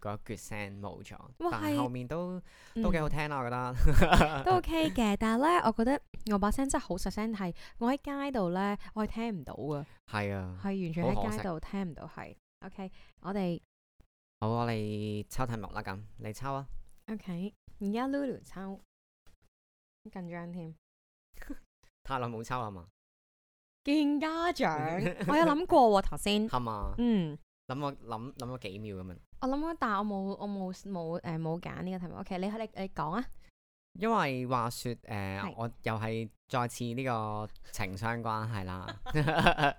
嗰一厥聲冇錯，但係後面都都幾好聽啦，我覺得都 OK 嘅。但係咧，我覺得我把聲真係好實聲，係我喺街度咧，我係聽唔到噶，係啊，係完全喺街度聽唔到。係 OK，我哋好，我哋抽題目啦，咁你抽啊。OK，而家 Lulu 抽緊張添，太耐冇抽係嘛？見家長，我有諗過頭先係嘛？嗯，諗咗諗諗咗幾秒咁樣。我諗，但係我冇，我冇，冇誒，冇揀呢個題目。OK，你你你講啊。因為話說誒，呃、是我又係再次呢個情商關係啦，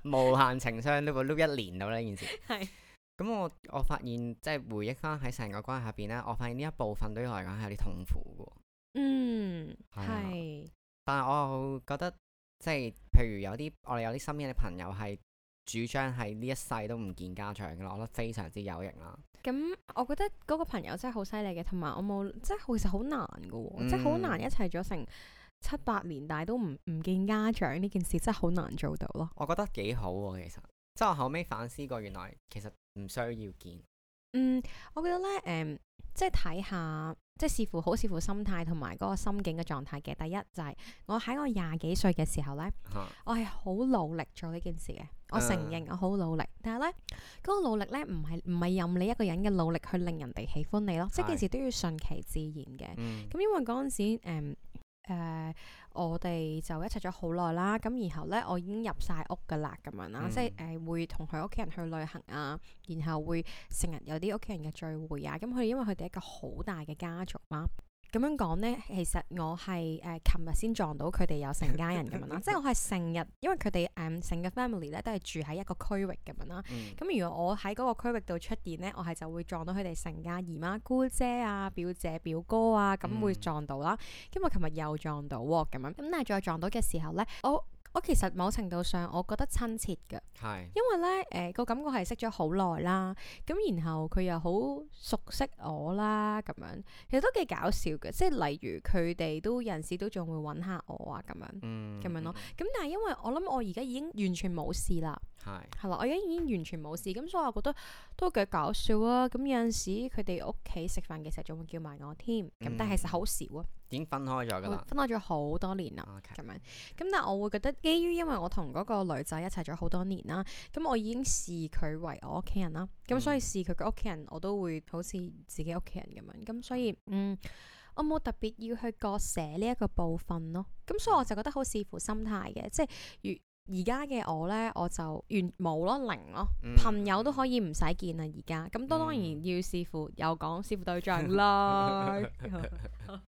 無限情商都會碌一年到呢件事是。係。咁我我發現，即係回憶翻喺成個關係入邊咧，我發現呢一部分對我嚟講係有啲痛苦嘅。嗯，係、啊。但係我又覺得，即係譬如有啲我哋有啲身邊嘅朋友係主張係呢一世都唔見家長嘅，我覺得非常之有型啊！咁，我覺得嗰個朋友真係好犀利嘅，同埋我冇，即係其實好難嘅，嗯、即係好難一齊咗成七八年，但係都唔唔見家長呢件事，真係好難做到咯。我覺得幾好喎，啊，其實，即係我後尾反思過，原來其實唔需要見。嗯，我覺得咧，誒、嗯，即係睇下，即係視乎好視乎心態同埋嗰個心境嘅狀態嘅。第一就係我喺我廿幾歲嘅時候咧，啊、我係好努力做呢件事嘅，我承認我好努力。啊、但係咧，嗰、嗰個努力咧，唔係唔係任你一個人嘅努力去令人哋喜歡你咯，是 即係件事都要順其自然嘅。咁、嗯、因為嗰陣時，誒、嗯。誒，uh, 我哋就一齊咗好耐啦，咁然後呢，我已經入晒屋㗎啦，咁樣啦，嗯、即係誒、呃、會同佢屋企人去旅行啊，然後會成日有啲屋企人嘅聚會啊，咁佢哋因為佢哋一個好大嘅家族嘛、啊。咁樣講呢，其實我係誒，琴日先撞到佢哋有成家人咁樣啦， 即係我係成日，因為佢哋誒成個 family 咧都係住喺一個區域咁樣啦。咁、嗯、如果我喺嗰個區域度出現呢，我係就會撞到佢哋成家姨媽、姑姐啊、表姐、表哥啊，咁會撞到啦。嗯、咁我琴日又撞到喎，咁樣咁，但係再撞到嘅時候呢。我。我其實某程度上，我覺得親切㗎，是因為咧，誒、呃嗰個感覺係識咗好耐啦，咁然後佢又好熟悉我啦，咁樣其實都幾搞笑嘅，即係例如佢哋都有陣時都仲會揾下我啊，咁樣，咁、嗯、樣咯，咁但係因為我諗我而家已經完全冇事啦，係是，係啦，我而家已經完全冇事，咁所以我覺得都幾搞笑啊，咁有陣時佢哋屋企食飯嘅時候仲會叫埋我添，咁但係其實好少啊。已經分開咗㗎啦，分開咗好多年啦，咁樣咁，但係我會覺得，基於因為我同嗰個女仔一齊咗好多年啦，咁我已經視佢為我屋企人啦，咁所以視佢個屋企人，我都會好似自己屋企人咁樣，咁所以，嗯，我冇特別要去割捨呢一個部分咯，咁所以我就覺得好視乎心態嘅，即係而而家嘅我呢，我就完冇咯，零咯，朋友都可以唔使見啦，而家咁都當然要視乎有講視乎對象啦。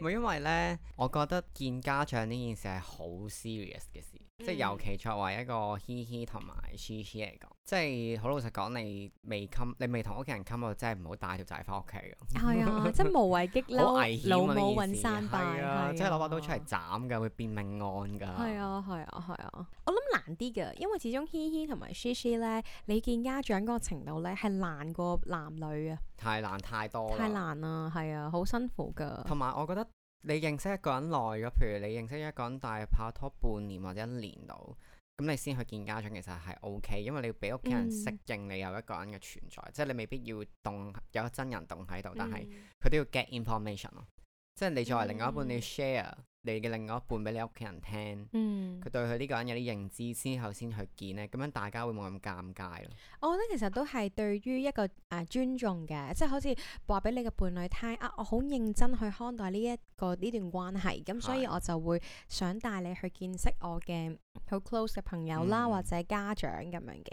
唔係因為咧，我覺得見家長呢件事係好 serious 嘅事，即係、嗯、尤其作為一個嘻嘻同埋嘻嘻嚟講。即係好老實講，你未冚，你未同屋企人冚，我真係唔好帶條仔翻屋企㗎。係啊， 即係無謂激嬲，老母揾生大，即係攞把刀出嚟斬㗎，會變命案㗎。係啊，係啊，係啊，我諗難啲㗎，因為始終軒軒同埋詩詩咧，你見家長嗰個程度咧係難過男女啊，太難太多，太難啦，係啊，好辛苦㗎。同埋我覺得你認識一個人耐咗，譬如你認識一個人大，大約拍拖半年或者一年度。咁你先去見家長，其實係 OK，因為你要俾屋企人適應你有一個人嘅存在，嗯、即係你未必要動，有真人動喺度，但係佢都要 get information 咯，即係你作為另外一半，你要 share。嗯嗯你嘅另外一半俾你屋企人聽，佢、嗯、對佢呢個人有啲認知，之後先去見咧，咁樣大家會冇咁尷尬咯。我覺得其實都係對於一個誒、呃、尊重嘅，即係好似話俾你嘅伴侶聽啊，我好認真去看待呢、呢個、一個呢段關係，咁所以我就會想帶你去見識我嘅好 close 嘅朋友啦，嗯、或者家長咁樣嘅。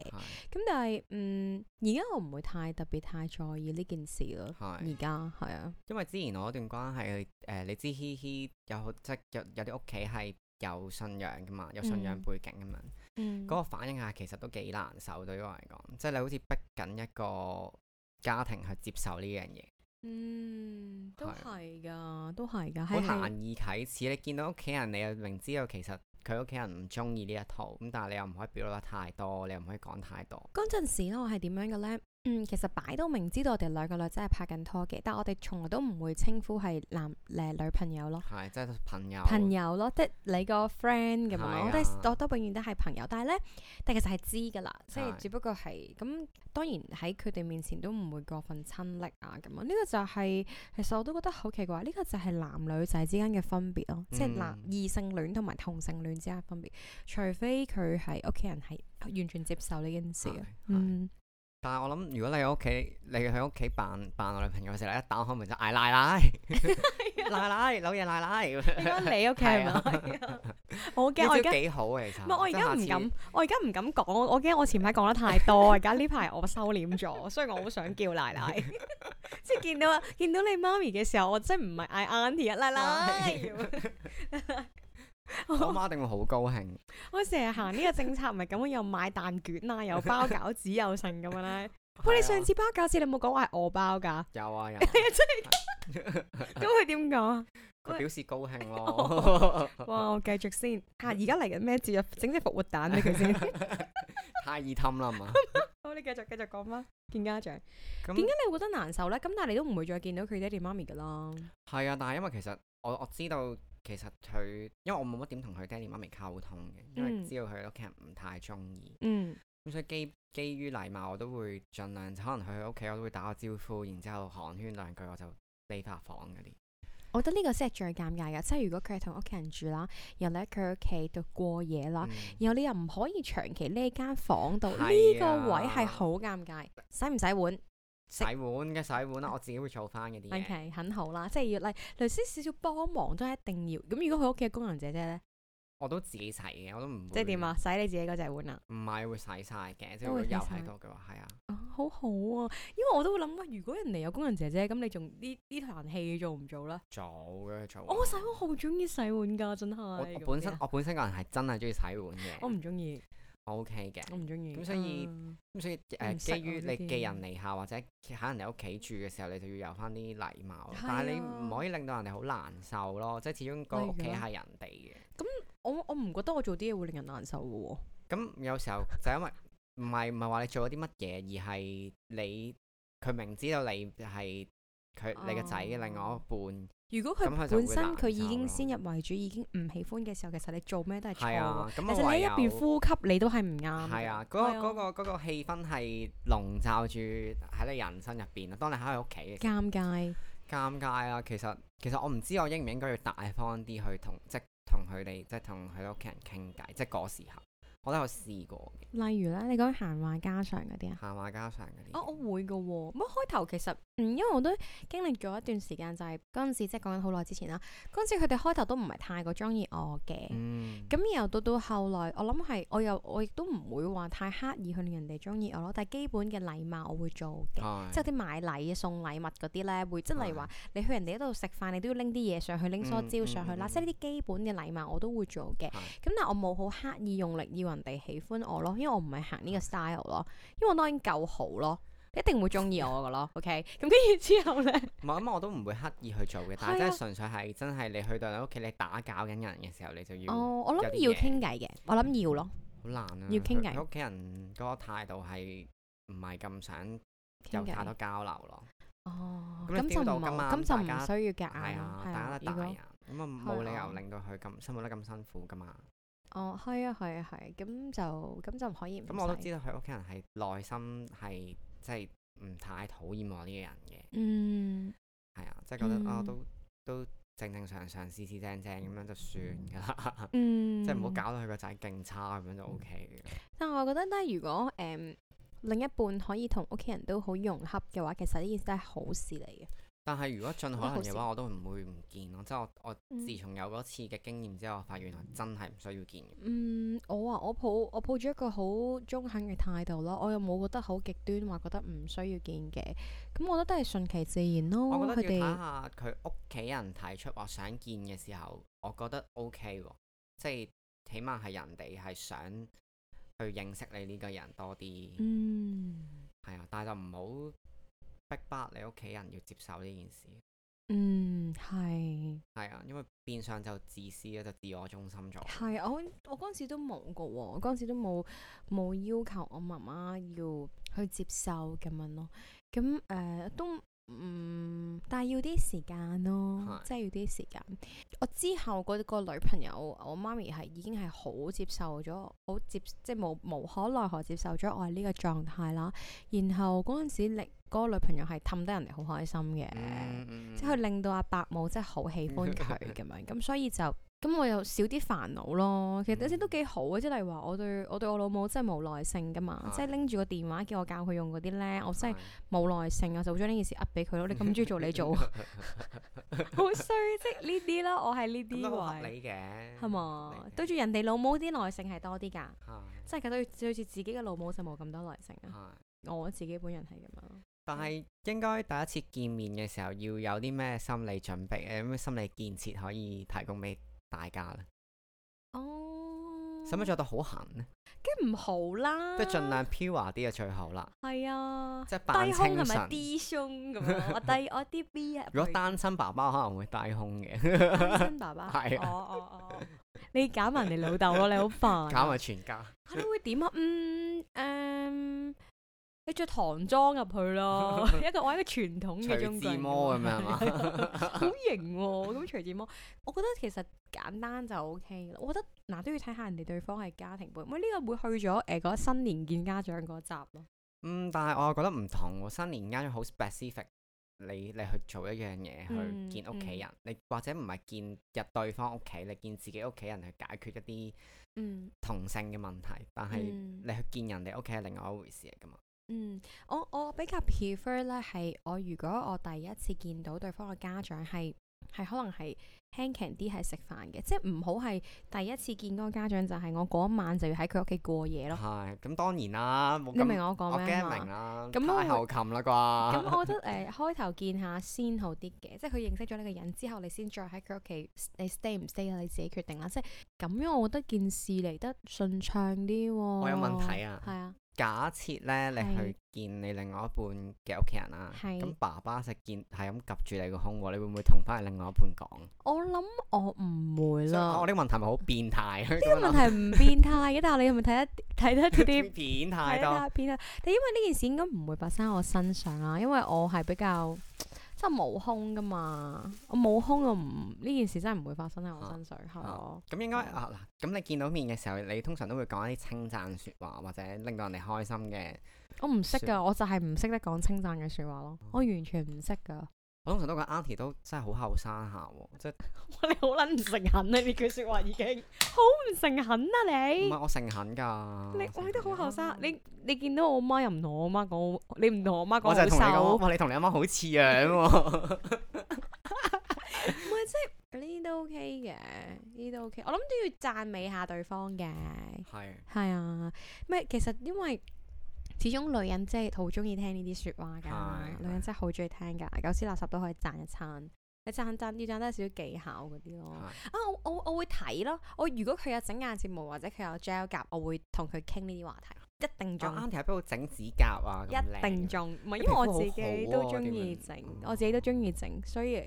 咁但係嗯，而家、嗯、我唔會太特別太在意呢件事咯。而家係啊，因為之前我嗰段關係、呃、你知嘻嘻有。有即。有有啲屋企係有信仰噶嘛，有信仰背景噶嘛，嗰、嗯、個反應下，其實都幾難受對我嚟講，即係你好似逼緊一個家庭去接受呢樣嘢。嗯，都係噶，都係噶，好難以啟齒。你見到屋企人，你又明知道其實佢屋企人唔中意呢一套，咁但係你又唔可以表露得太多，你又唔可以講太多。嗰陣時我係點樣嘅呢？嗯，其實擺到明知道我哋兩個女仔係拍緊拖嘅，但係我哋從來都唔會稱呼係男誒女，女朋友咯，係即係朋友，朋友咯，即係你個 friend 咁樣我都永遠都係朋友，但係咧，但其實係知噶啦，是 即係只不過係咁。當然喺佢哋面前都唔會過分親昵啊咁啊。呢、這個就係、是、其實我都覺得好奇怪，呢、這個就係男女仔之間嘅分別咯，嗯、即係男異性戀同埋同性戀之間嘅分別，除非佢係屋企人係完全接受呢件事啊，嗯。但係我諗，如果你喺屋企，你喺屋企扮扮我女朋友嘅時候，一打開門就嗌奶奶，奶奶老爺奶奶，應該你屋企啊？好驚我而家幾好啊，其實唔係我而家唔敢，我而家唔敢講，我驚我前排講得太多，而家呢排我收斂咗，所以我好想叫奶奶，即係見到見到你媽咪嘅時候，我真係唔係嗌 aunty，奶奶。我媽一定會好高興。 我成日行呢個政策咪咁樣，又買蛋卷啦、啊， 又包餃子又成咁樣咧。我哋上次包餃子，你有冇講係我包噶？ 有啊，有。咁佢點講啊？佢表示高興咯。 哇，我繼續先。吓、啊，而家嚟緊咩節日？整隻復活蛋俾佢先。 太易氹啦嘛。 好，你繼續繼續講啦。見家長，點解那你會覺得難受咧？咁但係你都唔會再見到佢爹哋媽咪噶咯。係啊，但係因為其實我我知道。其實佢，因為我冇乜點同佢爹哋媽咪溝通嘅，因為知道佢屋企人唔太中意。嗯，咁所以基基於禮貌，我都會盡量，可能佢喺屋企，我都會打個招呼，然之後寒暄兩句，我就匿返房嗰啲。我覺得呢個先係最尷尬嘅，即係如果佢係同屋企人住啦，然後你喺佢屋企度過夜啦，嗯、然後你又唔可以長期匿喺間房度，呢、啊、個位係好尷尬，使唔使碗？洗碗嘅洗碗啦，嗯、我自己會做翻嘅。啲嘢，OK，很好啦，即係要嚟嚟些少少幫忙都係一定要。咁如果佢屋企嘅工人姐姐咧，我都自己洗嘅，我都唔即係點啊？洗你自己嗰隻碗啊？唔係會洗晒嘅，會即係又係多嘅話係啊。哦、嗯的嗯，好好啊，因為我都會諗，如果人哋有工人姐姐，咁你仲呢呢台戲做唔做咧？做嘅，做、哦。我洗碗好中意洗碗噶，真係。我本身樣我本身個人係真係中意洗碗嘅。我唔中意。Okay 我 OK 嘅，我唔中意。咁所以，咁、啊、所以，誒、呃，不基於你寄人籬下些或者喺人哋屋企住嘅時候，你就要有返啲禮貌。啊、但係你唔可以令到人哋好難受咯，即係始終個屋企係人哋嘅。咁、啊、我我唔覺得我做啲嘢會令人難受嘅喎。咁有時候就因為唔係唔係話你做咗啲乜嘢，而係你佢明知道你係佢、啊、你個仔嘅另外一半。如果佢本身佢已經先入為主，已經唔喜歡嘅時候，其實你做咩都係錯。啊、其實你喺入邊呼吸你都係唔啱。係啊，嗰、嗰個嗰個氣氛係籠罩住喺你人生入邊。當你喺佢屋企，尷尬，尷尬啊！其實其實我唔知我應唔應該要大方啲去同即同佢哋即係同佢屋企人傾偈，即係嗰時候。我都有試過，例如咧，你講閒話家常嗰啲啊，閒話家常嗰啲，哦，我會噶、哦，咁開頭其實、嗯，因為我都經歷咗一段時間，就係嗰陣時，即係講緊好耐之前啦，嗰陣時佢哋開頭都唔係太過中意我嘅，咁、嗯、然後到到後來，我諗係我又我亦都唔會話太刻意去令人哋中意我咯，但係基本嘅禮貌我會做嘅是，即係啲買禮送禮物嗰啲咧，會即係例如話是你去人哋嗰度食飯，你都要拎啲嘢上去，拎梳蕉上去啦，即係呢啲基本嘅禮貌我都會做嘅，咁是但係我冇好刻意用力要。人哋喜歡我咯，因為我唔係行呢個 style 咯，因為我當然夠好咯，你一定會中意我噶咯，OK？咁跟住之後咧，我諗我都唔會刻意去做嘅，但係真係純粹係真係你去到你屋企你打攪緊人嘅時候，你就要哦，我諗要傾偈嘅，我諗要咯，好難啊，要傾偈，屋企人嗰個態度係唔係咁想有太多交流咯，哦，咁就唔好，咁就唔需要夾硬啊，大家都大人，咁啊冇理由令到佢咁生活得咁辛苦噶嘛。哦，係啊，係啊，係、啊，咁、啊、就咁就唔可以。咁我都知道佢屋企人係內心係即係唔太討厭我呢個人嘅。嗯。係啊，即係覺得、嗯、啊，都都正正常常、四四正正咁樣、嗯、 樣就算㗎啦。嗯。即係唔好搞到佢個仔勁差咁樣就 OK。但係我覺得咧，如果誒、呃、另一半可以同屋企人都好融洽嘅話，其實呢件事真係好事嚟嘅。但係如果盡可能嘅話，我都唔會唔見咯。即係我我自從有嗰次嘅經驗之後，我發現原來真係唔需要見。嗯，我話我抱我抱住一個好中肯嘅態度咯，我又冇覺得好極端，話覺得唔需要見嘅。咁我，我覺得都係順其自然咯。佢哋，佢屋企人提出話想見嘅時候，我覺得 OK 喎，即係，嗯，起碼係人哋係想去認識你呢個人多啲。嗯，係啊，但係就唔好逼你屋企人要接受呢件事，嗯，嗯，係係啊啊，因為變相就自私咧，就自我中心咗。係啊，我我嗰陣時都冇個喎，我嗰陣時都冇冇要求我媽媽要去接受咁樣咯。咁誒、呃、都，嗯，但係要啲時間咯，即係是要啲時間。我之後嗰個女朋友我媽咪係已經係好接受咗，好接即係冇，無可奈何接受咗我係呢個狀態啦。然後嗰陣時你。個女朋友係氹得人哋好開心嘅，即係佢令到阿伯母真係好喜歡佢咁樣，咁所以就咁我又少啲煩惱咯。其實有啲都幾好嘅，即係例如話我對我對我老母真係冇耐性㗎嘛，即係拎住個電話叫我教佢用嗰啲咧，我真係冇耐性，我就會將呢件事噏俾佢咯。你咁中意做你做，好衰即呢啲咯。我係呢啲位，合理嘅係嘛？對住人哋老母啲耐性係多啲㗎，即係佢對對住自己嘅老母就冇咁多耐性啊。我自己本人係咁樣。但係應該第一次見面嘅時候要有啲咩心理準備，有咩心理建設可以提供俾大家啦？哦，使唔使做得好行咧？梗唔好啦，即係盡量飄滑啲就最好啦。係啊，即係低胸係咪低胸咁樣？我低我啲 B 啊。如果單身爸爸可能會低胸嘅，單身爸爸係哦哦哦，你搞埋你老豆咯，你好煩。搞埋全家，你會點啊？嗯，誒。你着唐裝入去咯， 一個我一個傳統嘅中式、徐志摩咁樣係嘛？好型喎。咁徐志摩，我覺得其實簡單就 O、OK、K。我覺得嗱、啊、都要睇下人哋對方係家庭背景。喂，呢個會去咗誒嗰新年見家長嗰集咯。嗯，但係我又覺得唔同喎。新年啱好 specific，你你去做一樣嘢去見屋企人，你、嗯、或者唔係見入對方屋企，你見自己屋企人去解決一啲嗯同性嘅問題。但係是、嗯、你去見人哋屋企係另外一回事嚟噶嘛。嗯，我我比較 prefer 咧，係我如果我第一次見到對方嘅家長，係係可能係輕鬆啲，係食飯嘅，即係唔好係第一次見到家長就係我嗰晚就要喺佢屋企過夜咯。係咁，當然啦，你明我講咩嘛？我驚明啦，咁後擒啦啩？咁 我覺得誒開頭見下先好啲嘅， 即係佢認識咗呢個人之後，你先再喺佢屋企，你 stay 唔 stay 你自己決定啦。即係咁樣，我覺得件事嚟得順暢啲。我有問題啊？係啊。假設咧，你去見你另外一半嘅屋企人啦，咁是爸爸實見係咁揹住你個胸，你會唔會同翻你另外一半講？我諗我唔會啦。我呢、哦呢個問題咪好變態？呢個問題唔變態嘅， 但係你係咪睇得睇得啲 變態多？變態。但因為呢件事應該唔會發生喺我身上啦，因為我係比較。真係冇空噶嘛！我冇空，我唔呢件事真係唔會發生喺我身上係咯。咁應該、嗯、啊嗱，咁你見到面嘅時候，你通常都會講一啲稱讚説話，或者令到人哋開心嘅。我唔識噶，我就係唔識得講稱讚嘅説話咯，嗯、我完全唔識噶。我通常都覺，Aunty 都真係好後生下，即係你好捻唔誠懇啊！呢 句説話已經好唔誠懇啦，你唔係我誠懇噶，你我哋都好後生，你你見到我媽又唔同我媽講，你唔同我媽講，我就同你同你阿媽好似樣喎，唔係即係呢都 OK 嘅，呢都 OK，我諗都要讚美下對方嘅，係係是啊，咩？其實因為？始終女人真係好中意聽呢啲説話㗎，是的 女人真係好中意聽㗎，狗是的 屎垃圾都可以讚一餐。你讚讚要讚得少少技巧嗰啲咯。是的 啊，我我會睇咯。我如果佢有整眼睫毛或者佢有 gel 甲，我會同佢傾呢啲話題，一定中。啊、阿 Tia 邊度整指甲啊？一定中，唔係不、啊、因為我自己都中意整，啊、我自己都中意整，所以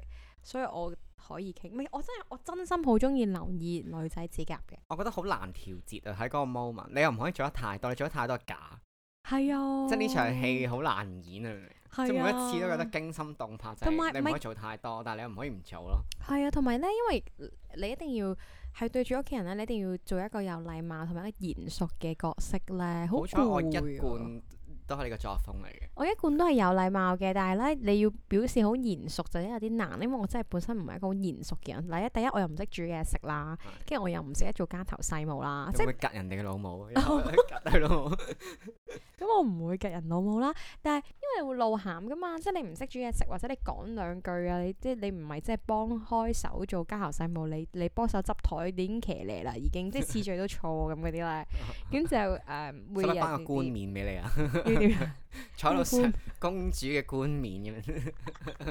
所以，所以我可以傾。我真我真心好中意留意女仔指甲嘅。我覺得好難調節啊！喺嗰個 moment，你又唔可以做得太多，你做得太多假。係啊，即係呢場戲好難演啊！即係每一次都覺得驚心動魄，同埋有你唔可以做太多，有但係你又唔可以唔做咯。係啊，同埋咧，因為你一定要係對住屋企人咧，你一定要做一個有禮貌同埋一個嚴肅嘅角色咧，好攰啊，好彩我一貫。都係你個作風嚟嘅。我一貫都係有禮貌嘅，但係咧你要表示好嚴肅就真係有啲難，因為我真係本身唔係一個好嚴肅嘅人。第一，第一我又唔識煮嘢食啦，跟住我又唔識得做家頭細務啦。即係會割人哋嘅老母，割低老母。咁我唔會割人老母啦，但係因為會露餡噶嘛，即係你唔識煮嘢食或者你講兩句啊，即係你唔係即係幫開手做家頭細務，你你幫手執台已經騎呢啦，已經即係次序都錯咁嗰啲啦。咁就誒會。幫個冠冕俾你啊！ 坐到上公，官 公主嘅冠冕咁樣？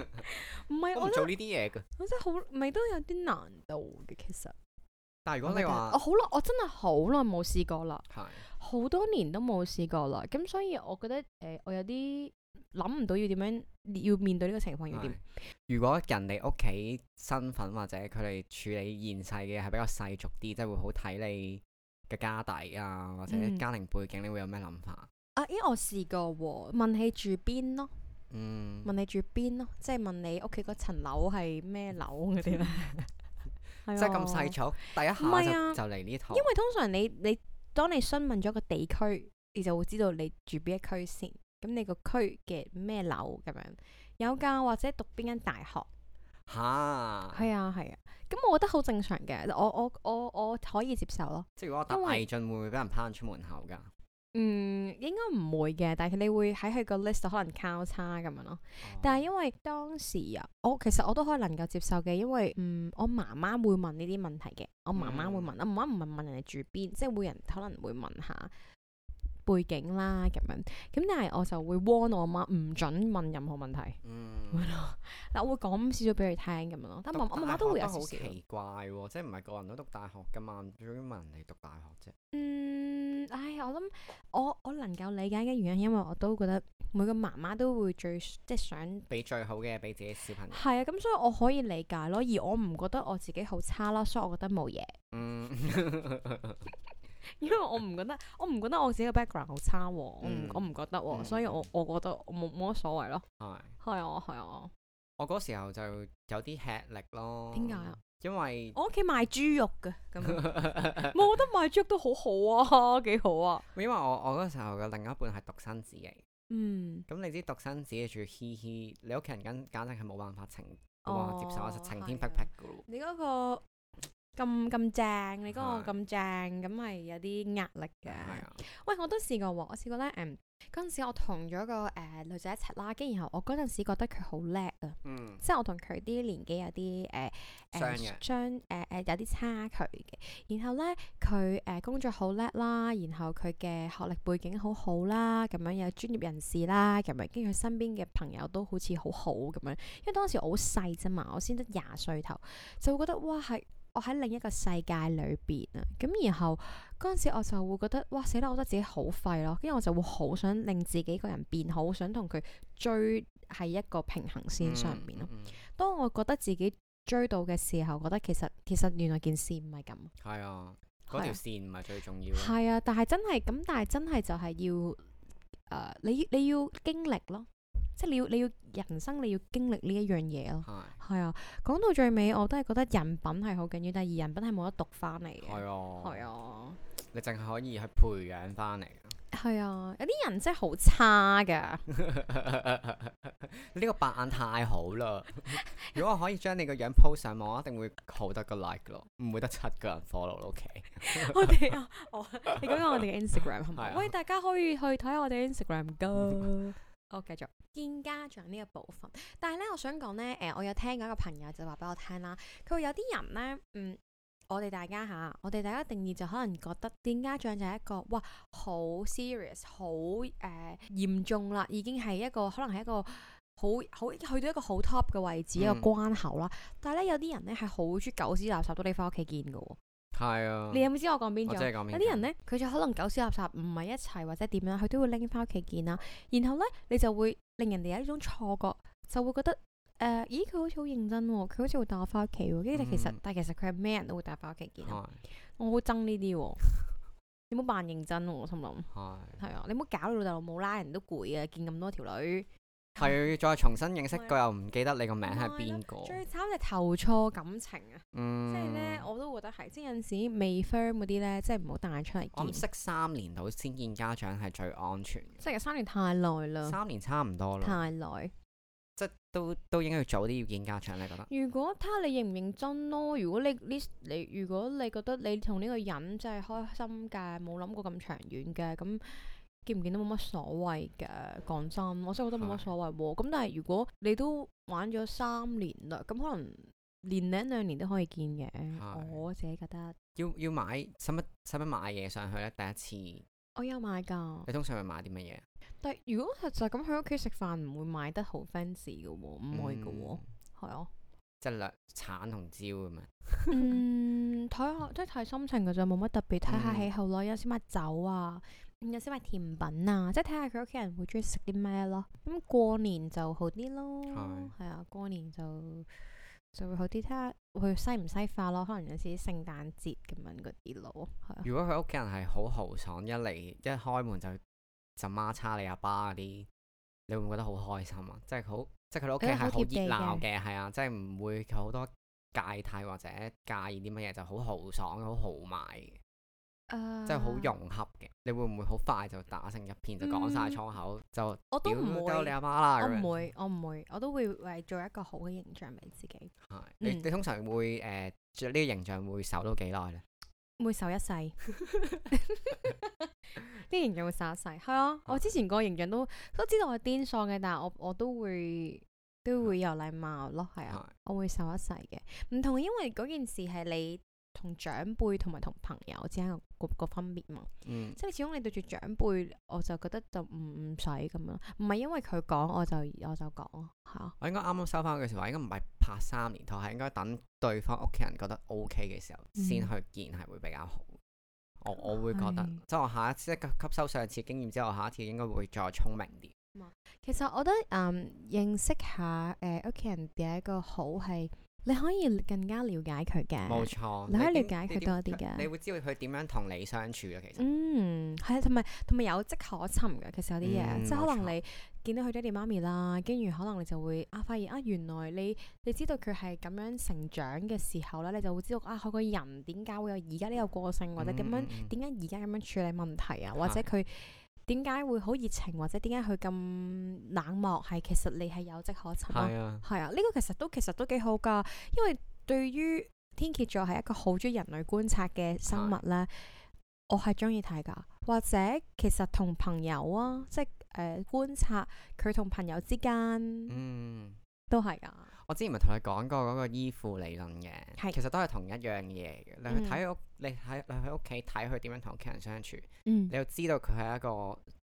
唔 係是我做呢啲嘢嘅，我真係好，咪都有啲難度嘅。其實，但係如果你話我好耐，我真係好耐冇試過啦，好是多年都冇試過啦。咁所以我覺得，誒、呃，我有啲諗唔到要點樣要面對呢個情況要點。如果人哋屋企身份或者佢哋處理現世嘅係比較世俗啲，即、就、係、是、會好睇你嘅家底啊，或者家庭背景，你會有咩諗法？嗯啊！依我試過，問你住邊咯，嗯，問你住邊咯，即係問你屋企嗰層樓係咩樓嗰啲咧，係啊，即係咁細草，第一下就、啊、就嚟呢套。因為通常你你，你當你詢問咗一個地區，你就會知道你住邊一區先。咁你個區嘅咩樓咁樣有噶，或者讀邊間大學吓？係啊係啊，咁、啊啊、我覺得好正常嘅，我我我我，我，我可以接受咯。即係如果我答魏晉，會唔會俾人拏出門口噶？嗯，應該唔會嘅，但係你會喺佢個 list 可能交叉咁樣咯。哦、但係因為當時啊，我其實我都可以能夠接受嘅，因為嗯，我媽媽會問呢啲問題嘅，我媽媽會問，嗯、我媽媽唔係問人哋住邊，即係會人可能會問下背景啦，咁樣，咁但係我就會 warn 我媽唔准問任何問題，咪咯、嗯，嗱這樣 我會講少少俾佢聽咁樣咯。但係我媽媽都會有好奇怪喎，即係唔係個人都讀大學噶嘛，點解問人哋讀大學啫？嗯，唉，我諗我我能夠理解嘅原因，因為我都覺得每個媽媽都會最即係、就是、想俾最好嘅俾自己小朋友。係啊，咁、嗯、所以我可以理解咯，而我唔覺得我自己好差啦，所以我覺得冇嘢。嗯。 因為我唔覺得，我唔覺得我自己嘅 background 好差，我唔我唔覺得，所以我我覺得冇冇乜所謂咯。係，係啊，係啊。我嗰時候就有啲吃力咯。點解啊？因為我屋企賣豬肉嘅，咁我覺得賣豬肉都好好啊，幾好啊。因為我我嗰時候嘅另一半係獨生子嚟，嗯，咁你知獨生子住嘻嘻，你屋企人跟簡直係冇辦法承接受，就晴天霹靂噶。你嗰個。咁咁正，你嗰個咁正，咁咪的有啲壓力嘅。喂，我都試過喎，我試過呢。誒、嗯，嗰時我同咗個誒、呃、女仔一齊啦，跟然後我嗰陣時覺得佢好叻啊，嗯、即係我同佢啲年紀有啲誒誒，將誒誒有啲差距嘅。然後呢，佢誒、呃、工作好叻啦，然後佢嘅學歷背景好好啦，咁樣有專業人士啦，咁樣跟住佢身邊嘅朋友都好似好好咁樣，因為當時我好細啫嘛，我先得廿歲頭，就會覺得哇係。我喺另一個世界裏邊啊，咁然後嗰陣時我就會覺得，哇死啦！Ija, 我覺得自己好廢咯，跟住我就會好想令自己個人變好，想同佢追喺一個平衡線上面咯。嗯嗯嗯。當我覺得自己追到嘅時候，覺得其實其實原來件事唔係咁。係啊，嗰 條樂 Yeah, 線唔係最重要。啊。係 啊，但係真係咁，但係真係就係要誒，uh, 你要你要經歷咯。即係你要你要人生你要經歷呢一樣嘢咯，係啊，講到最尾我都係覺得人品係好緊要，但係人品係冇得讀翻嚟嘅，係啊，係啊，你淨係可以去培養翻嚟嘅，係啊，有啲人真係好差噶，呢個白眼太好啦！ 如果我可以將你個樣 po 上網，我一定會好得個 like 咯，唔會得七個人 follow 咯。O、okay? K， 我哋們啊， 你我你講下我哋嘅 Instagram 係咪？ 喂， 大家可以去睇下我哋 Instagram 噶。 我繼續見家長呢個部分，但係咧，我想講咧，誒、呃，我有聽過一個朋友就話俾我聽啦，佢話有啲人咧，嗯，我哋大家吓、啊，我哋大家定義就可能覺得見家長就係一個哇，好 serious，好誒嚴、呃、重啦，已經係一個可能係一個好好去到一個好 top 嘅位置、嗯、一個關口啦，但係咧有啲人咧係好中意，狗屎垃圾都你翻屋企見㗎。係啊，你有冇知我講邊？我真係講邊。有啲人咧，佢就可能狗屎垃圾唔係一齊或者點樣，佢都會拎翻屋企見啦。然後咧，你就會令人哋有呢種錯覺，就會覺得誒、呃，咦，佢好似好認真，佢好似會帶我翻屋企。其實、嗯、但其實，但係其實佢係咩人都會帶翻屋企見，是的 我好憎呢啲。 你唔好扮認真、啊，我心諗係啊，你唔好搞到老豆老母啦，人都攰啊，見咁多條女。係再重新認識佢了又唔記得你個名係邊個？最慘係投錯感情啊、嗯！即係咧，我都覺得係，即係有陣時未 firm 嗰啲咧，即係唔好帶出嚟見。我認識三年到先見家長係最安全。即係三年太耐啦，三年差唔多啦，太耐，即係都都應該要早啲要見家長，你覺得？如果睇下你認唔認真咯？如果你你你，如果你覺得你同呢個人真係開心嘅，冇諗過咁長遠嘅咁。見唔見都冇乜所謂嘅，講真，我真係覺得冇乜所謂喎。咁的但係如果你都玩咗三年啦，咁可能年零兩年都可以見嘅。的我自己覺得。要要買使乜使乜買嘢上去咧？第一次。我有買噶。你通常會買啲乜嘢？但係如果係就咁喺屋企食飯，唔會買得好 fancy 嘅，唔會嘅，係啊。即係略橙同蕉咁樣。看看嗯，睇下即係睇心情嘅啫，冇乜特別，睇下氣候咯，有時買酒啊。有時買甜品啊，即係睇下佢屋企人會中意食啲咩咯。咁過年就好啲咯，係啊的，過年就就會好啲。睇下佢西唔西化咯，可能有時聖誕節咁樣嗰啲咯。如果佢屋企人係好豪爽，一嚟一開門就就媽叉你阿爸嗰啲，你會唔會覺得好開心啊？即係好，即係佢哋屋企係好熱鬧嘅，係啊，即係唔會有好多芥蒂或者介意啲乜嘢，就好豪爽，好豪邁。誒，即係好融洽嘅，你會唔會好快就打成一片，就講晒窗口就？我都唔會你阿媽啦。我唔會，我唔會，我都會誒做一個好嘅形象俾自己。係，你你通常會誒，呢個形象會守到幾耐咧？會守一世，呢個形象會守一世。係啊，我之前個形象都都知道我癲喪嘅，但係我我都會都會有禮貌咯。係啊，我會守一世嘅。唔同，因為嗰件事係你。同長輩同埋同朋友之間個分別嘛，嗯、即係始終你對住長輩，我就覺得就唔使咁樣，唔係因為佢講我就我就講咯，係、啊、我應該啱啱收翻嗰句説話，應該唔係拍三年拖，係應該等對方屋企人覺得 OK 嘅時候先、嗯、去見，係會比較好。嗯、我我會覺得，即係是我下一次吸吸收上一次經驗之後，下一次應該會再聰明啲。其實我覺得，嗯、認識下誒，屋企人第一個好係。你可以更加了解佢嘅，冇錯，你可以了解佢你多啲嘅。你會知道佢點樣同你相處嘅其實。嗯，係啊，同埋同埋有跡可尋嘅其實有啲嘢，嗯、即係可能你見到佢爹哋媽咪啦，跟住可能你就會啊發現啊原來你你知道佢係咁樣成長嘅時候咧，你就會知道啊佢個人點解會有而家呢個個性、嗯、或者咁樣點解而家咁樣處理問題啊，或者佢。啊點解會好熱情，或者點解佢咁冷漠？係其實你係有跡可尋咯，係是啊，啊，呢、這個其實都其實都幾好噶。因為對於天蠍座係一個好中意人類觀察嘅生物咧，是我係中意睇噶。或者其實同朋友啊，即係誒、呃、觀察佢同朋友之間，嗯都，都係噶。我之前咪同你講過嗰、那個依附理論嘅，是其實都係同一樣嘢。嘅、嗯。你去睇屋，你喺你喺屋企睇佢點樣同屋企人相處，嗯、你要知道佢係一個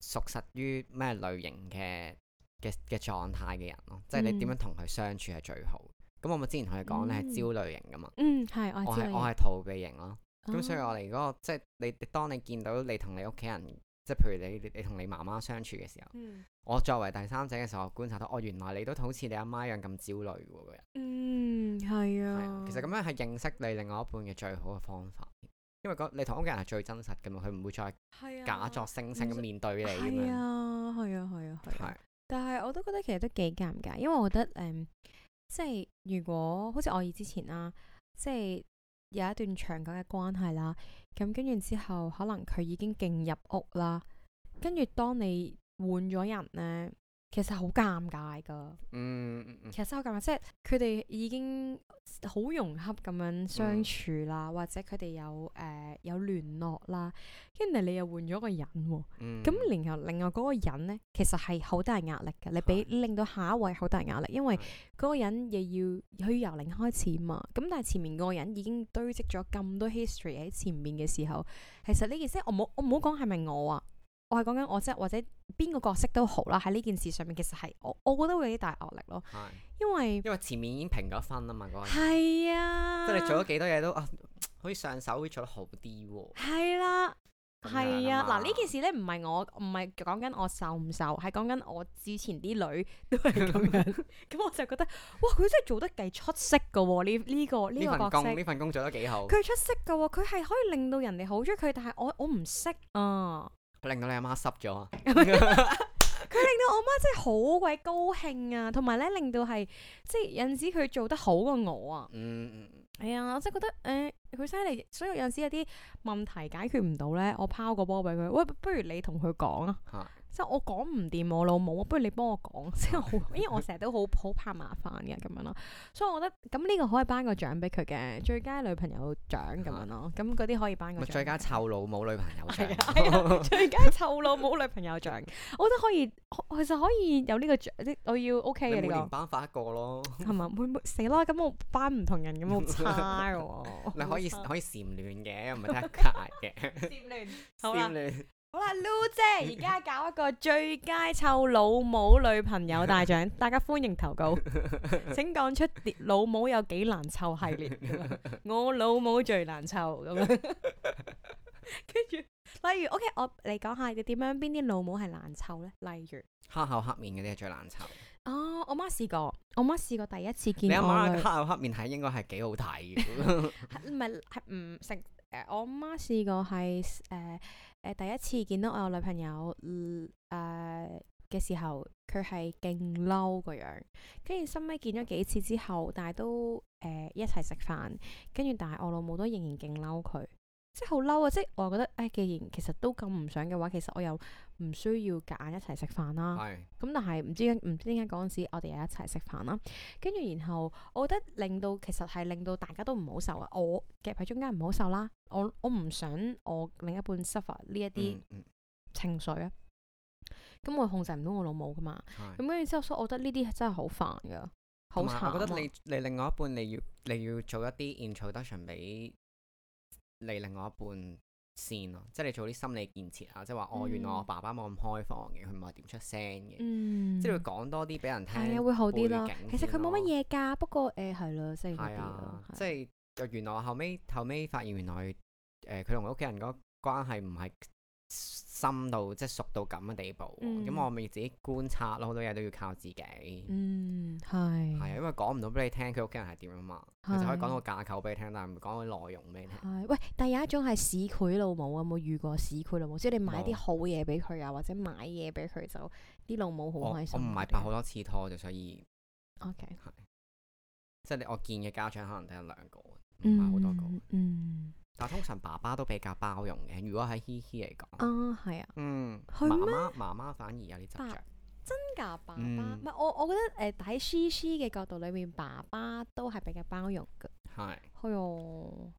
屬實於咩類型嘅嘅嘅狀態嘅人咯。即、就、係、是、你點樣同佢相處係最好。咁、嗯、我咪之前同你講，你係焦慮型噶嘛？嗯，係我係我係逃避型咯。咁、哦、所以我哋嗰個即係你當你見到你同你屋企人，即、就、係、是、譬如你你同你媽媽相處嘅時候。嗯我作為第三者嘅時候，我觀察到我、哦、原來你都好似你阿媽一樣咁焦慮嘅個人。嗯，係啊，啊。其實咁樣係認識你另外一半嘅最好嘅方法，因為你同屋企人係最真實㗎嘛，佢唔會再假作惺惺咁面對你。係啊，係啊，係啊，係、啊。啊啊啊、但係我都覺得其實都幾尷尬，因為我覺得、嗯、即係如果好似我二之前啦、啊，即係有一段長久嘅關係啦，咁跟住之後可能佢已經勁入屋啦，跟住當你。換咗人咧，其實好尷尬噶、嗯。嗯嗯其實真係好尷尬，即係佢哋已經好融洽咁樣相處啦，嗯、或者佢哋有誒、呃、有聯絡啦，跟住你又換咗個人、哦，咁、嗯、另外另外嗰個人咧，其實係好大壓力嘅。嗯、你俾令到下一位好大壓力，嗯、因為嗰個人亦要要由零開始嘛。咁但係前面嗰個人已經堆積咗咁多 history 喺前面嘅時候，其實呢件事我冇我唔好講係咪我啊？我係講緊我即係或者邊個角色都好啦，喺呢件事上面其實係我，我覺得會有啲大壓力咯。是因為因為前面已經評咗分啦嘛，嗰係啊，即係、啊、你做咗幾多嘢都啊，可以上手會做得好啲。係啦，係啊，嗱呢、啊、件事咧唔係我唔係講緊我受唔受，係講緊我之前啲女都係咁樣，咁、 嗯、我就覺得哇，佢真係做得幾出色噶。呢呢、這個呢、這個、角色呢份工呢份工做得幾好，佢出色噶，佢係可以令到人哋好中意佢，但係我我唔識啊。令到你阿媽濕咗啊！佢令到我媽真係好鬼高興啊，同埋咧令到係即係有陣時佢做得好過我啊。嗯嗯，係啊，我真係覺得誒佢犀利，所以有陣時有啲問題解決唔到咧，我拋個波俾佢，喂，不如你同佢講啊。即係我講唔掂我老母，不如你幫我講，即係好，因為我成日都好好怕麻煩嘅咁樣咯。所以我覺得咁呢個可以頒個獎俾佢嘅最佳女朋友獎咁樣咯。咁嗰啲可以頒個最佳湊老母女朋友獎，哎、呀 最佳湊老母女朋友獎， 我覺得可以，其實可以有呢、這個獎。我要 OK 嘅，你連頒發一個咯，係咪？會唔會死啦？咁我頒唔同人咁，差我差嘅。你差可以可以蟬聯嘅，唔係太夾嘅。蟬聯， 好啦，Lu 姐，而家搞一個最佳湊老母女朋友大獎，大家歡迎投稿， 請講出老母有幾難湊系列。我老母最難湊咁，跟住例如，OK，我你講下你點樣，邊啲老母係難湊咧？例如，OK，例如黑口黑面嗰啲最難湊。哦，我媽試過，我媽試過第一次見你阿媽黑口黑面係應該係幾好睇嘅，唔係唔成誒？我媽試過係誒。呃呃、第一次見到我女朋友嘅、嗯呃、時候，佢係勁嬲個樣，跟住收尾見咗幾次之後，但係都、呃、一齊食飯，跟住但係我老母都仍然勁嬲佢。即係好嬲啊！即係我又覺得，誒、哎，既然其實都咁唔想嘅話，其實我又唔需要夾硬硬一齊食飯啦。係。咁但係唔知唔知點解嗰陣時我哋又一齊食飯啦？跟住然後我覺得令到其實係令到大家都唔好受啊！我夾喺中間唔好受啦，我我唔想我另一半 suffer 呢一啲情緒啊。咁、嗯嗯、我控制唔到我老母噶嘛？咁跟住之後，所以我覺得呢啲真係好煩噶。好慘啊！我覺得你你另外一半你要你要做一啲 introduction 俾。嚟另外一半先咯，即係你做啲心理建設啊，即係話、嗯、哦，原來我爸爸冇咁開放嘅，佢唔係點出聲嘅，嗯、即係會講多啲俾人聽。係啊，會好啲咯。來其實佢冇乜嘢㗎，不過誒係咯，欸、的的即係嗰啲咯，即係原來我後尾後尾發現原來誒佢同我屋企人個關係唔係，深到即係熟到咁嘅地步，咁、嗯、我咪自己觀察咯，好多嘢都要靠自己。嗯，係。係啊，因為講唔到俾你聽佢屋企人係點啊嘛，其實是可以講個架構俾你，你聽，但係唔講個內容俾你聽。係，喂，但係有一種係市儈老母， 有冇遇過市儈老母？即係你買啲好嘢俾佢啊，哦、或者買嘢俾佢就啲老母好開心我。我唔係拍好多次拖就所以。O K。係。即係我見嘅家長可能都有兩個，唔係好多個。嗯。但通常爸爸都比較包容嘅，如果喺嘻嘻嚟講，啊係啊，啊嗯，媽媽媽媽反而有啲執着，真噶，爸爸，嗯、我我覺得誒喺嘻嘻嘅角度裏面，爸爸都係比較包容嘅，係是，係哦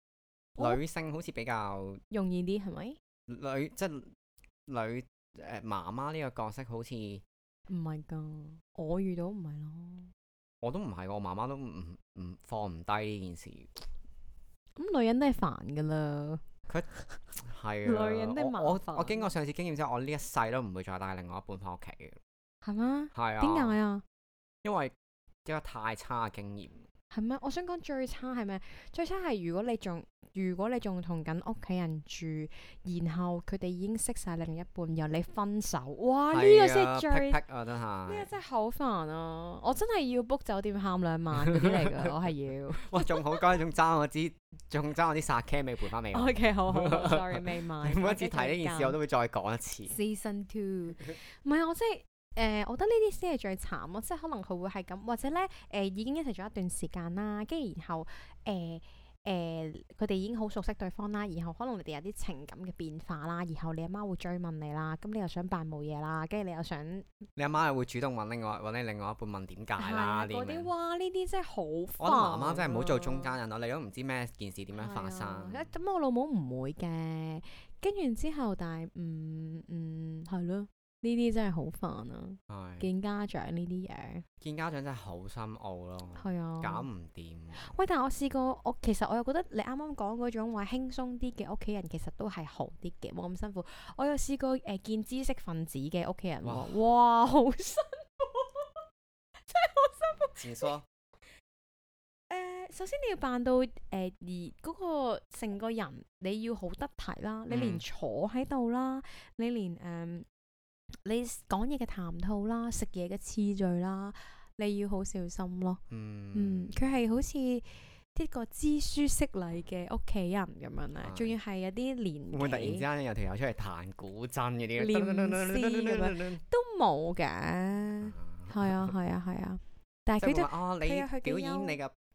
我，女性好似比較、哦、容易啲係咪？女即係女誒媽媽呢個角色好似唔係噶，我遇到唔係咯，我都唔係我媽媽都唔唔放唔低呢件事。咁女人都係煩噶啦，佢係啦， 女人都麻煩。我我經過上次經驗之後，我呢一世都唔會再帶另外一半翻屋企嘅。係咩？係啊。點解啊？因為因為太差經驗。係咩？我想講最差係咩？最差係如果你仲如果你仲同緊屋企人住，然後佢哋已經識晒另一半，由你分手，哇！呢個先最啊，呢個最、啊、真係 好煩啊！我真係要 book 酒店喊兩晚，嗰啲嚟噶，我係要。哇！仲好、okay, 好，好，好，加仲爭我支，仲爭我啲 Sake 未賠翻未？O K，好，sorry 好未買。 每一次提呢件事，我都會再講一次。2 Season two，唔係我真係。誒、呃，我覺得呢啲先係最慘咯，即係可能佢會係咁，或者咧誒、呃、已經一齊咗一段時間啦，跟住然後誒誒，佢、呃、哋、呃、已經好熟悉對方啦，然後可能你哋有啲情感嘅變化啦，然後你阿媽會追問你啦，咁你又想扮冇嘢啦，跟住你又想，你阿媽又會主動問另外問你另外一半問點解啦啲咩？哇！呢啲真係好可能媽媽真係唔好做中間人咯，你都唔知咩件事點樣發生。咁我老母唔會嘅，跟住之後但係嗯嗯係咯。嗯嗯呢啲真係好煩啊！是見家長呢啲嘢，見家長真係好深奧咯，係啊，搞唔掂。啊。喂，但我試過，我其實我又覺得你啱啱講嗰種話輕鬆啲嘅屋企人，其實都係好啲嘅，冇咁辛苦。我又試過誒、呃、見知識分子嘅屋企人，哇，好辛苦， 真係好辛苦。前縮說。誒、呃，首先你要扮到誒，而、呃、嗰、嗰個成個人你要好得體啦，你連坐喺度啦，你連誒。嗯你講嘢嘅談吐啦，食嘢嘅次序啦，你要好小心咯。嗯，嗯，佢係好似一、哎、一,一個知書識禮嘅屋企人咁樣 啊，仲要係有啲年紀。突然之間有條友出嚟彈古箏嗰啲，都冇嘅，係啊係啊係啊。啊啊但係佢 就哦、啊，你表演你嘅。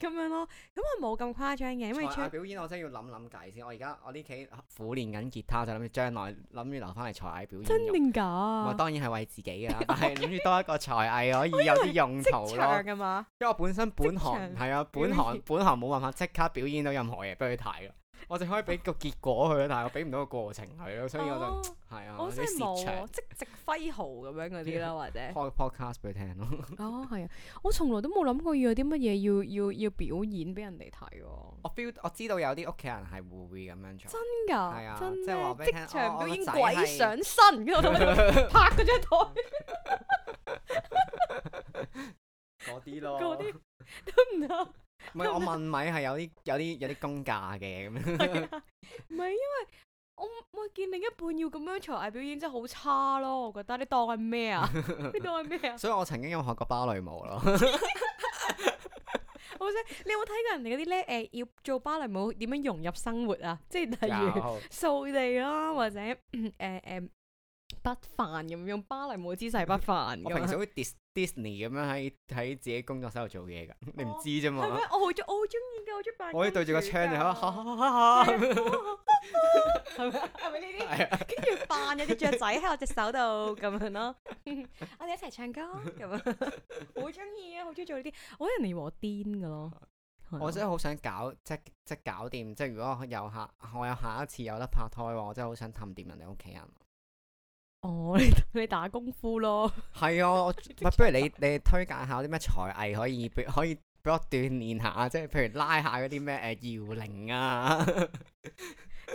咁樣咯，咁我冇咁誇張嘅。因為才藝表演我真係要諗諗計先，我而家我呢期苦練緊吉他，就諗住將來諗住留翻嚟才藝表演。真定假？我當然係為自己㗎， 但係諗住多一個才藝可以 有啲用途咯。因 為職場㗎嘛，因為我本身本行係場啊，本行 本行冇辦法即刻表演到任何嘢俾佢睇㗎。我只可以俾個結果佢，但係我俾唔到個過程佢咯，所以我就係啊啲現冇，即席揮毫咁樣嗰啲啦，或者 pod podcast 俾佢聽咯。哦，係啊，我從來都冇諗過要有啲乜嘢要要要表演俾人哋睇喎。我 feel 我知道有啲屋企人係會會咁樣做。真㗎，係啊，即係話俾聽，我我鬼上身，拍嗰張台。嗰啲咯，嗰啲都唔得。唔係我問米，係有啲有啲有啲功架嘅咁樣，唔 係因為我我見另一半要咁樣才藝表演真係好差咯，我覺得你當係咩啊？你當係咩啊？ 所以我曾經有學過芭蕾舞咯。好想你有冇睇過人哋嗰啲咧？誒、呃，要做芭蕾舞點樣融入生活啊？即係例如掃地啦，或者誒誒。嗯呃呃呃不凡咁用芭蕾舞姿勢不凡。我平時會 dis Disney 咁樣喺喺自己工作室度做嘢噶，哦、你唔知啫嘛。我好中，我好中意，好中意扮。我喺對住個窗嘅嗬，吓吓係咪呢啲？跟住是、啊、扮咗啲雀仔喺我隻手度咁樣咯。嗯、我哋一齊唱歌咁啊！好中意啊，好中意做呢啲。我人嚟和我癲噶咯。我真係好想搞，即即，即搞掂。即如果有，有下，我有下一次有得拍拖嘅話，我真係好想氹掂人哋屋企人。哦，你你打功夫咯，係啊，唔不如你你推介下啲咩才藝可以，可以俾我鍛煉下，即係譬如拉下嗰啲咩誒搖鈴啊，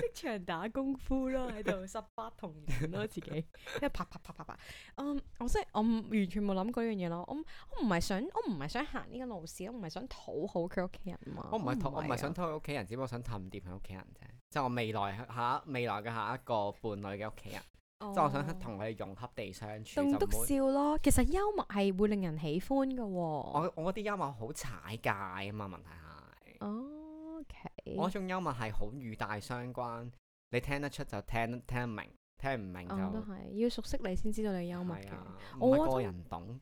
即場、啊、 打功夫咯，喺度十八銅人咯，自己即係啪啪啪啪啪，我即係我完全冇諗過呢樣嘢咯，我我唔係想我唔係想行呢個路線，我唔係想討好佢屋企人啊嘛，我唔係我唔係想討佢屋企人，只不過想氹掂佢屋企人啫，即係我未來下未來嘅下一個伴侶嘅屋企人。即係、oh. 我想同佢融合地相處，就唔笑咯。其實幽默係會令人喜歡噶、哦。我我啲幽默好踩界啊嘛，問題係。哦、oh，OK。我種幽默係好語帶相關，你聽得出就聽聽明，聽唔明，聽明就。都係、oh, 要熟悉你先知道你幽默嘅。啊、我個人懂、oh, 哦。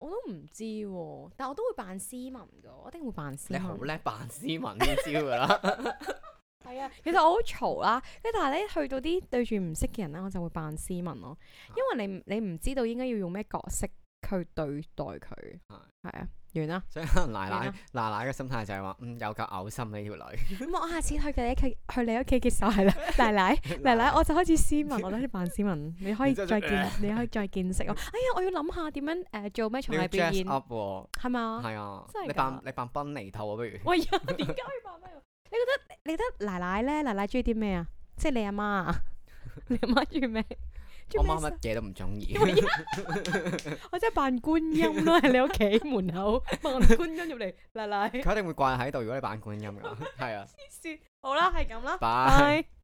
我，我都唔知、啊，但係我都會扮斯文噶，我一定會扮斯文。你好叻扮斯文呢招噶啦。 係啊，其實我好嘈啦，跟，但係咧去到啲對住唔識嘅人咧，我就會扮斯文咯。因為你你唔知道應該要用咩角色去對待佢，係啊，完啦。所以可能奶奶奶奶嘅心態就係話，有又夠嘔心呢條女。咁我下次去你屋去你屋企嘅時候係啦，奶奶奶奶，我就開始斯文，我都開始扮斯文。你可以再見，你可以再見識我。哎呀，我要諗下點樣誒做咩場外表演。係嘛？係啊，你扮你扮奔尼兔不如。喂，呀，點解要扮咩？你覺得你覺得奶奶咧，奶奶中意啲咩啊？即係你阿媽， 你阿媽中意咩？我媽乜嘢都唔中意。我真係扮觀音咯，喺 你屋企門口扮 觀音入嚟，奶奶。佢一定會掛喺度，如果你扮觀音嘅，係 啊。好啦，係咁啦，拜 Bye。